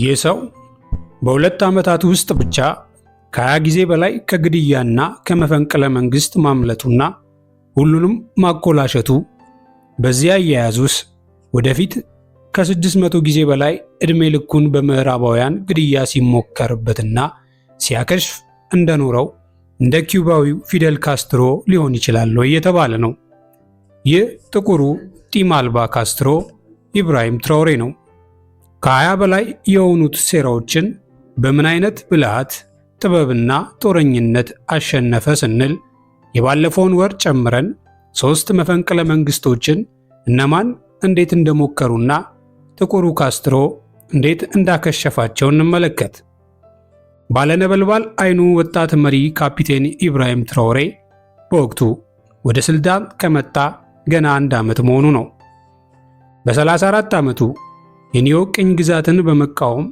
ይህ ሰው በሁለት ዓመታት ውስጥ ብቻ ከሀያ ጊዜ በላይ ከግድያና ከመፈንቅለ መንግሥት ማምለቱና ሁሉንም ማኮላሸቱ በዚህ አያያዙስ ወደፊት ከ መቶ ጊዜ በላይ ዕድሜ ልኩን በምዕራባውያን ግድያ ሲሞከርበትና ሲያከሽፍ እንደኖረው እንደ ኪውባዊው ፊደል ካስትሮ ሊሆን ይችላል ወይ የተባለ ነው። ይህ ጥቁሩ ጢም አልባ ካስትሮ ኢብራሂም ትራውሬ ነው። ከሀያ በላይ የሆኑት ሴራዎችን በምን አይነት ብልሃት ጥበብና ጦረኝነት አሸነፈ ስንል የባለፈውን ወር ጨምረን ሶስት መፈንቅለ መንግስቶችን እነማን እንዴት እንደሞከሩና ጥቁሩ ካስትሮ እንዴት እንዳከሸፋቸው እንመለከት። ባለነበልባል አይኑ ወጣት መሪ ካፒቴን ኢብራሂም ትራውሬ በወቅቱ ወደ ስልጣን ከመጣ ገና አንድ ዓመት መሆኑ ነው። በ34 ዓመቱ የኒዮ ቅኝ ግዛትን በመቃወም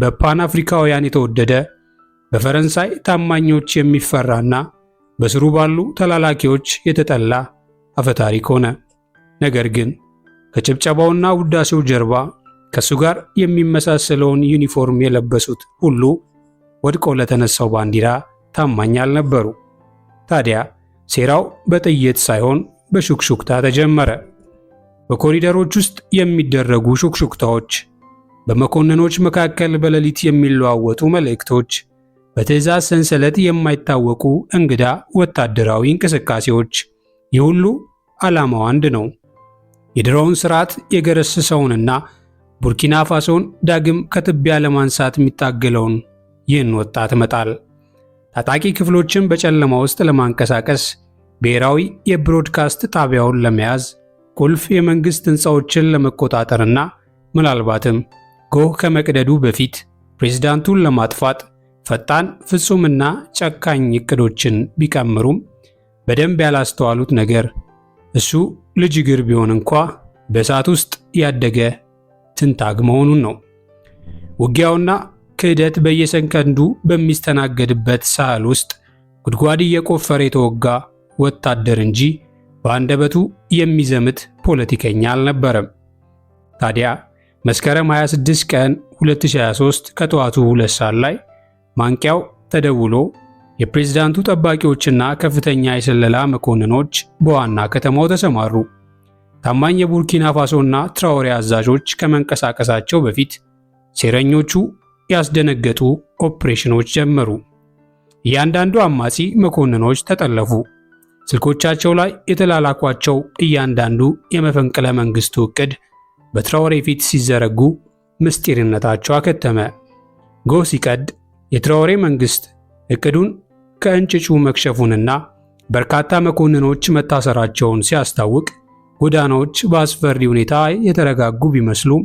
በፓን አፍሪካውያን የተወደደ በፈረንሳይ ታማኞች የሚፈራና በስሩ ባሉ ተላላኪዎች የተጠላ አፈታሪክ ሆነ። ነገር ግን ከጭብጨባውና ውዳሴው ጀርባ ከእሱ ጋር የሚመሳሰለውን ዩኒፎርም የለበሱት ሁሉ ወድቆ ለተነሳው ባንዲራ ታማኝ አልነበሩ። ታዲያ ሴራው በጥይት ሳይሆን በሹክሹክታ ተጀመረ። በኮሪደሮች ውስጥ የሚደረጉ ሹክሹክታዎች፣ በመኮንኖች መካከል በሌሊት የሚለዋወጡ መልእክቶች፣ በትዕዛዝ ሰንሰለት የማይታወቁ እንግዳ ወታደራዊ እንቅስቃሴዎች፣ ይህ ሁሉ ዓላማው አንድ ነው፤ የድሮውን ስርዓት የገረሰሰውንና ቡርኪና ፋሶን ዳግም ከትቢያ ለማንሳት የሚታገለውን ይህን ወጣት መጣል፣ ታጣቂ ክፍሎችን በጨለማ ውስጥ ለማንቀሳቀስ፣ ብሔራዊ የብሮድካስት ጣቢያውን ለመያዝ ቁልፍ የመንግሥት ሕንፃዎችን ለመቆጣጠርና ምናልባትም ጎህ ከመቅደዱ በፊት ፕሬዝዳንቱን ለማጥፋት ፈጣን ፍጹምና ጨካኝ እቅዶችን ቢቀምሩም በደንብ ያላስተዋሉት ነገር እሱ ልጅ እግር ቢሆን እንኳ በእሳት ውስጥ ያደገ ትንታግ መሆኑን ነው። ውጊያውና ክህደት በየሰከንዱ በሚስተናገድበት ሳህል ውስጥ ጉድጓድ እየቆፈረ የተወጋ ወታደር እንጂ በአንደበቱ የሚዘምት ፖለቲከኛ አልነበረም። ታዲያ መስከረም 26 ቀን 2023 ከጠዋቱ ሁለት ሰዓት ላይ ማንቂያው ተደውሎ የፕሬዝዳንቱ ጠባቂዎችና ከፍተኛ የስለላ መኮንኖች በዋና ከተማው ተሰማሩ። ታማኝ የቡርኪና ፋሶና ትራውሬ አዛዦች ከመንቀሳቀሳቸው በፊት ሴረኞቹ ያስደነገጡ ኦፕሬሽኖች ጀመሩ። እያንዳንዱ አማጺ መኮንኖች ተጠለፉ። ስልኮቻቸው ላይ የተላላኳቸው እያንዳንዱ የመፈንቅለ መንግስቱ እቅድ በትራወሬ ፊት ሲዘረጉ ምስጢርነታቸው አከተመ። ጎህ ሲቀድ የትራወሬ መንግስት እቅዱን ከእንጭጩ መክሸፉንና በርካታ መኮንኖች መታሰራቸውን ሲያስታውቅ ጎዳናዎች በአስፈሪ ሁኔታ የተረጋጉ ቢመስሉም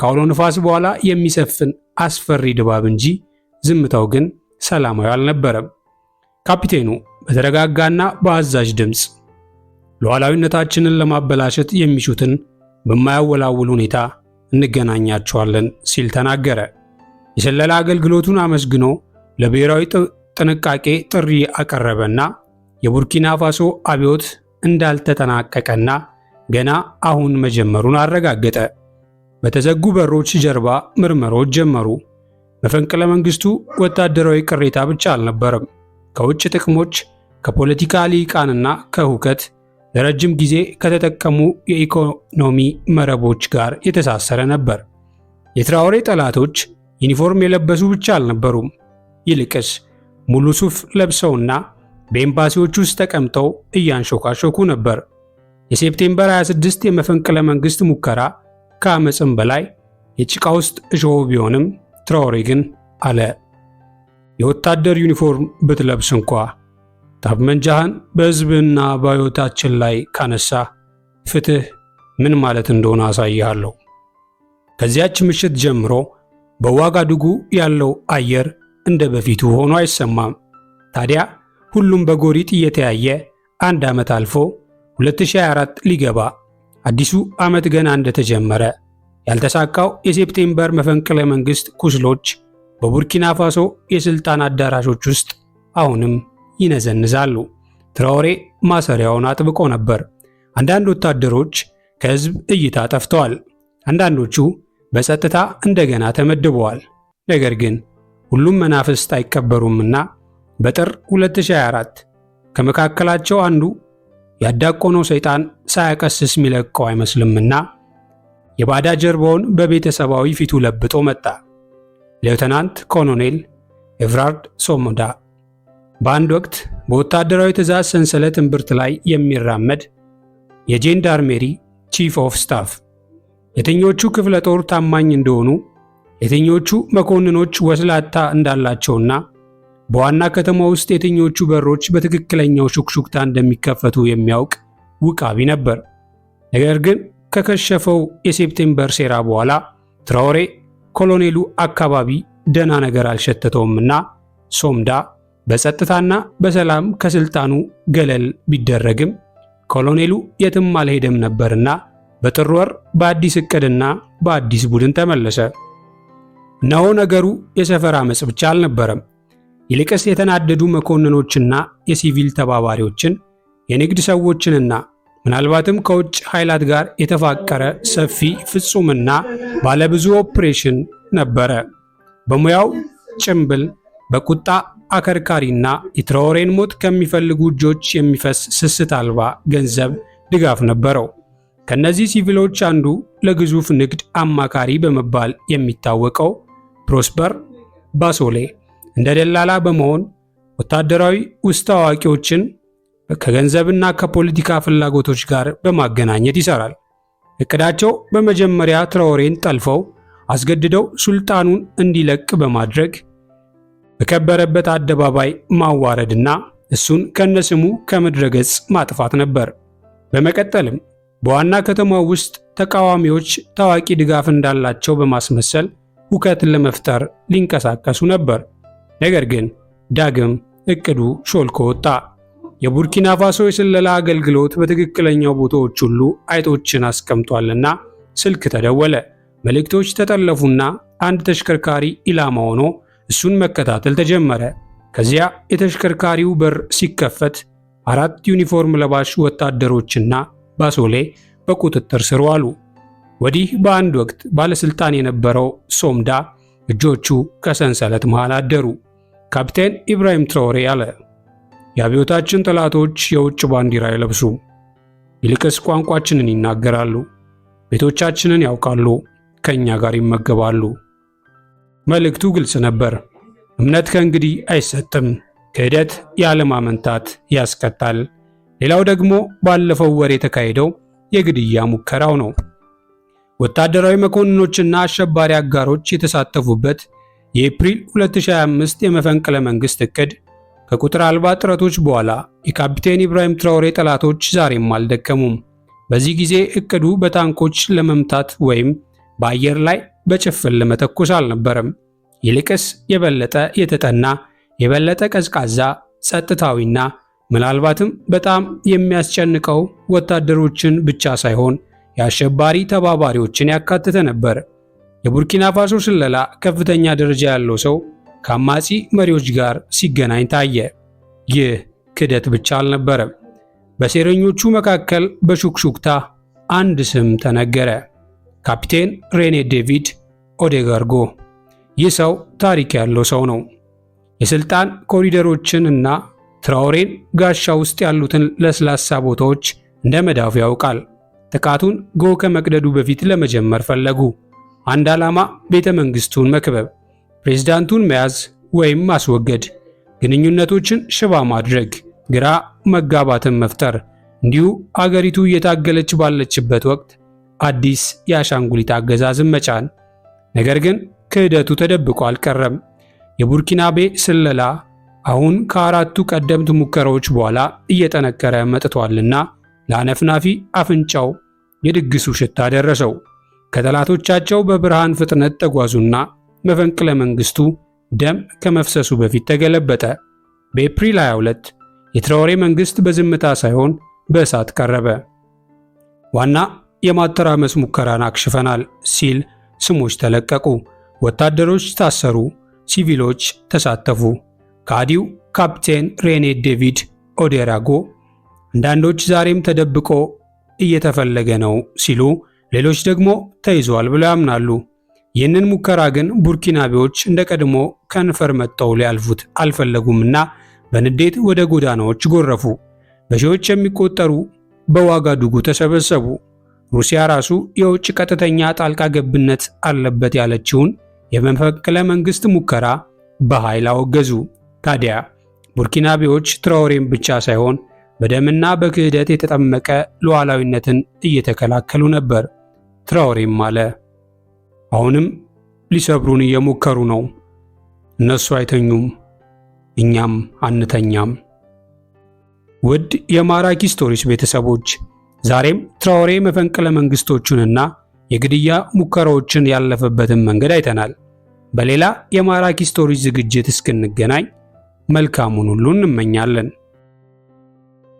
ከአውሎ ንፋስ በኋላ የሚሰፍን አስፈሪ ድባብ እንጂ ዝምታው ግን ሰላማዊ አልነበረም። ካፒቴኑ በተረጋጋና በአዛዥ ድምፅ ሉዓላዊነታችንን ለማበላሸት የሚሹትን በማያወላውል ሁኔታ እንገናኛቸዋለን ሲል ተናገረ። የስለላ አገልግሎቱን አመስግኖ ለብሔራዊ ጥንቃቄ ጥሪ አቀረበና የቡርኪና ፋሶ አብዮት እንዳልተጠናቀቀና ገና አሁን መጀመሩን አረጋገጠ። በተዘጉ በሮች ጀርባ ምርመሮች ጀመሩ። መፈንቅለ መንግስቱ ወታደራዊ ቅሬታ ብቻ አልነበረም። ከውጭ ጥቅሞች ከፖለቲካ ሊቃንና ከሁከት ለረጅም ጊዜ ከተጠቀሙ የኢኮኖሚ መረቦች ጋር የተሳሰረ ነበር። የትራውሬ ጠላቶች ዩኒፎርም የለበሱ ብቻ አልነበሩም። ይልቅስ ሙሉ ሱፍ ለብሰውና በኤምባሲዎች ውስጥ ተቀምጠው እያንሾካሾኩ ነበር። የሴፕቴምበር 26 የመፈንቅለ መንግሥት ሙከራ ከዓመፅም በላይ የጭቃ ውስጥ እሾህ ቢሆንም ትራውሬ ግን አለ የወታደር ዩኒፎርም ብትለብስ እንኳ ጠብመንጃህን በሕዝብና በሕይወታችን ላይ ካነሳ ፍትህ ምን ማለት እንደሆነ አሳይሃለሁ። ከዚያች ምሽት ጀምሮ በዋጋዱጉ ያለው አየር እንደ በፊቱ ሆኖ አይሰማም። ታዲያ ሁሉም በጎሪጥ እየተያየ አንድ ዓመት አልፎ 2024 ሊገባ አዲሱ ዓመት ገና እንደተጀመረ ያልተሳካው የሴፕቴምበር መፈንቅለ መንግሥት ኩስሎች በቡርኪና ፋሶ የሥልጣን አዳራሾች ውስጥ አሁንም ይነዘንዛሉ። ትራውሬ ማሰሪያውን አጥብቆ ነበር። አንዳንድ ወታደሮች ከህዝብ እይታ ጠፍተዋል። አንዳንዶቹ በጸጥታ እንደገና ተመድበዋል። ነገር ግን ሁሉም መናፍስት አይቀበሩምና በጥር 2024 ከመካከላቸው አንዱ ያዳቆነው ሰይጣን ሳያቀስስ የሚለቀው አይመስልምና የባዳ ጀርባውን በቤተሰባዊ ፊቱ ለብጦ መጣ። ሌውተናንት ኮሎኔል ኤቭራርድ ሶሞዳ በአንድ ወቅት በወታደራዊ ትእዛዝ ሰንሰለት እምብርት ላይ የሚራመድ የጄንዳርሜሪ ቺፍ ኦፍ ስታፍ የትኞቹ ክፍለ ጦር ታማኝ እንደሆኑ የትኞቹ መኮንኖች ወስላታ እንዳላቸውና በዋና ከተማ ውስጥ የትኞቹ በሮች በትክክለኛው ሹክሹክታ እንደሚከፈቱ የሚያውቅ ውቃቢ ነበር። ነገር ግን ከከሸፈው የሴፕቴምበር ሴራ በኋላ ትራውሬ ኮሎኔሉ አካባቢ ደህና ነገር አልሸተተውምና ሶምዳ በጸጥታና በሰላም ከስልጣኑ ገለል ቢደረግም ኮሎኔሉ የትም አልሄደም ነበርና በጥር ወር በአዲስ እቅድና በአዲስ ቡድን ተመለሰ። ነው ነገሩ የሰፈር አመፅ ብቻ አልነበረም። ይልቅስ የተናደዱ መኮንኖችና የሲቪል ተባባሪዎችን፣ የንግድ ሰዎችንና ምናልባትም ከውጭ ኃይላት ጋር የተፋቀረ ሰፊ ፍጹምና ባለብዙ ኦፕሬሽን ነበረ። በሙያው ጭምብል በቁጣ አከርካሪና የትራኦሬን ሞት ከሚፈልጉ እጆች የሚፈስ ስስት አልባ ገንዘብ ድጋፍ ነበረው። ከነዚህ ሲቪሎች አንዱ ለግዙፍ ንግድ አማካሪ በመባል የሚታወቀው ፕሮስፐር ባሶሌ እንደ ደላላ በመሆን ወታደራዊ ውስጥ አዋቂዎችን ከገንዘብና ከፖለቲካ ፍላጎቶች ጋር በማገናኘት ይሰራል። እቅዳቸው በመጀመሪያ ትራኦሬን ጠልፈው አስገድደው ሱልጣኑን እንዲለቅ በማድረግ በከበረበት አደባባይ ማዋረድና እሱን ከነስሙ ከምድረ ገጽ ማጥፋት ነበር። በመቀጠልም በዋና ከተማ ውስጥ ተቃዋሚዎች ታዋቂ ድጋፍ እንዳላቸው በማስመሰል ሁከት ለመፍጠር ሊንቀሳቀሱ ነበር። ነገር ግን ዳግም እቅዱ ሾልኮ ወጣ። የቡርኪና ፋሶ የስለላ አገልግሎት በትክክለኛው ቦታዎች ሁሉ አይጦችን አስቀምጧልና ስልክ ተደወለ። መልእክቶች ተጠለፉና አንድ ተሽከርካሪ ኢላማ ሆኖ እሱን መከታተል ተጀመረ። ከዚያ የተሽከርካሪው በር ሲከፈት አራት ዩኒፎርም ለባሽ ወታደሮችና ባሶሌ በቁጥጥር ስር ዋሉ። ወዲህ በአንድ ወቅት ባለስልጣን የነበረው ሶምዳ እጆቹ ከሰንሰለት መሃል አደሩ። ካፕቴን ኢብራሂም ትራኦሬ አለ፣ የአብዮታችን ጠላቶች የውጭ ባንዲራ አይለብሱም፣ ይልቅስ ቋንቋችንን ይናገራሉ፣ ቤቶቻችንን ያውቃሉ፣ ከእኛ ጋር ይመገባሉ። መልእክቱ ግልጽ ነበር። እምነት ከእንግዲህ አይሰጥም፣ ክህደት ያለማመንታት ያስቀጣል። ሌላው ደግሞ ባለፈው ወር የተካሄደው የግድያ ሙከራው ነው። ወታደራዊ መኮንኖችና አሸባሪ አጋሮች የተሳተፉበት የኤፕሪል 2025 የመፈንቅለ መንግስት እቅድ ከቁጥር አልባ ጥረቶች በኋላ የካፒቴን ኢብራሂም ትራውሬ ጠላቶች ዛሬም አልደከሙም። በዚህ ጊዜ እቅዱ በታንኮች ለመምታት ወይም በአየር ላይ በጭፍን ለመተኮስ አልነበረም። ይልቅስ የበለጠ የተጠና የበለጠ ቀዝቃዛ ጸጥታዊና ምናልባትም በጣም የሚያስጨንቀው ወታደሮችን ብቻ ሳይሆን የአሸባሪ ተባባሪዎችን ያካተተ ነበር። የቡርኪና ፋሶ ስለላ ከፍተኛ ደረጃ ያለው ሰው ከአማጺ መሪዎች ጋር ሲገናኝ ታየ። ይህ ክደት ብቻ አልነበረም። በሴረኞቹ መካከል በሹክሹክታ አንድ ስም ተነገረ። ካፒቴን ሬኔ ዴቪድ ኦዴጋርጎ። ይህ ሰው ታሪክ ያለው ሰው ነው። የስልጣን ኮሪደሮችን እና ትራውሬን ጋሻ ውስጥ ያሉትን ለስላሳ ቦታዎች እንደ መዳፉ ያውቃል። ጥቃቱን ጎ ከመቅደዱ በፊት ለመጀመር ፈለጉ። አንድ ዓላማ ቤተ መንግስቱን መክበብ፣ ፕሬዝዳንቱን መያዝ ወይም ማስወገድ፣ ግንኙነቶችን ሽባ ማድረግ፣ ግራ መጋባትን መፍጠር እንዲሁ አገሪቱ እየታገለች ባለችበት ወቅት አዲስ የአሻንጉሊት አገዛዝን መጫን። ነገር ግን ክህደቱ ተደብቆ አልቀረም። የቡርኪናቤ ስለላ አሁን ከአራቱ ቀደምት ሙከራዎች በኋላ እየጠነከረ መጥቷልና ለአነፍናፊ አፍንጫው የድግሱ ሽታ ደረሰው። ከጠላቶቻቸው በብርሃን ፍጥነት ተጓዙና መፈንቅለ መንግስቱ ደም ከመፍሰሱ በፊት ተገለበጠ። በኤፕሪል 22 የትራኦሬ መንግስት በዝምታ ሳይሆን በእሳት ቀረበ። ዋና የማተራመስ ሙከራን አክሽፈናል ሲል ስሞች ተለቀቁ። ወታደሮች ታሰሩ፣ ሲቪሎች ተሳተፉ። ካዲው ካፕቴን ሬኔ ዴቪድ ኦዴራጎ አንዳንዶች ዛሬም ተደብቆ እየተፈለገ ነው ሲሉ፣ ሌሎች ደግሞ ተይዟል ብለው ያምናሉ። ይህንን ሙከራ ግን ቡርኪናቤዎች እንደ ቀድሞ ከንፈር መጥተው ሊያልፉት አልፈለጉምና በንዴት ወደ ጎዳናዎች ጎረፉ። በሺዎች የሚቆጠሩ በዋጋ ድጉ ተሰበሰቡ። ሩሲያ ራሱ የውጭ ቀጥተኛ ጣልቃ ገብነት አለበት ያለችውን የመፈንቅለ መንግስት ሙከራ በኃይል አወገዙ። ታዲያ ቡርኪናቤዎች ትራኦሬን ብቻ ሳይሆን በደምና በክህደት የተጠመቀ ሉዓላዊነትን እየተከላከሉ ነበር። ትራውሬም አለ፣ አሁንም ሊሰብሩን እየሞከሩ ነው። እነሱ አይተኙም፣ እኛም አንተኛም። ውድ የማራኪ ስቶሪስ ቤተሰቦች ዛሬም ትራውሬ መፈንቅለ መንግስቶቹንና የግድያ ሙከራዎችን ያለፈበትን መንገድ አይተናል። በሌላ የማራኪ ስቶሪጅ ዝግጅት እስክንገናኝ መልካሙን ሁሉ እንመኛለን።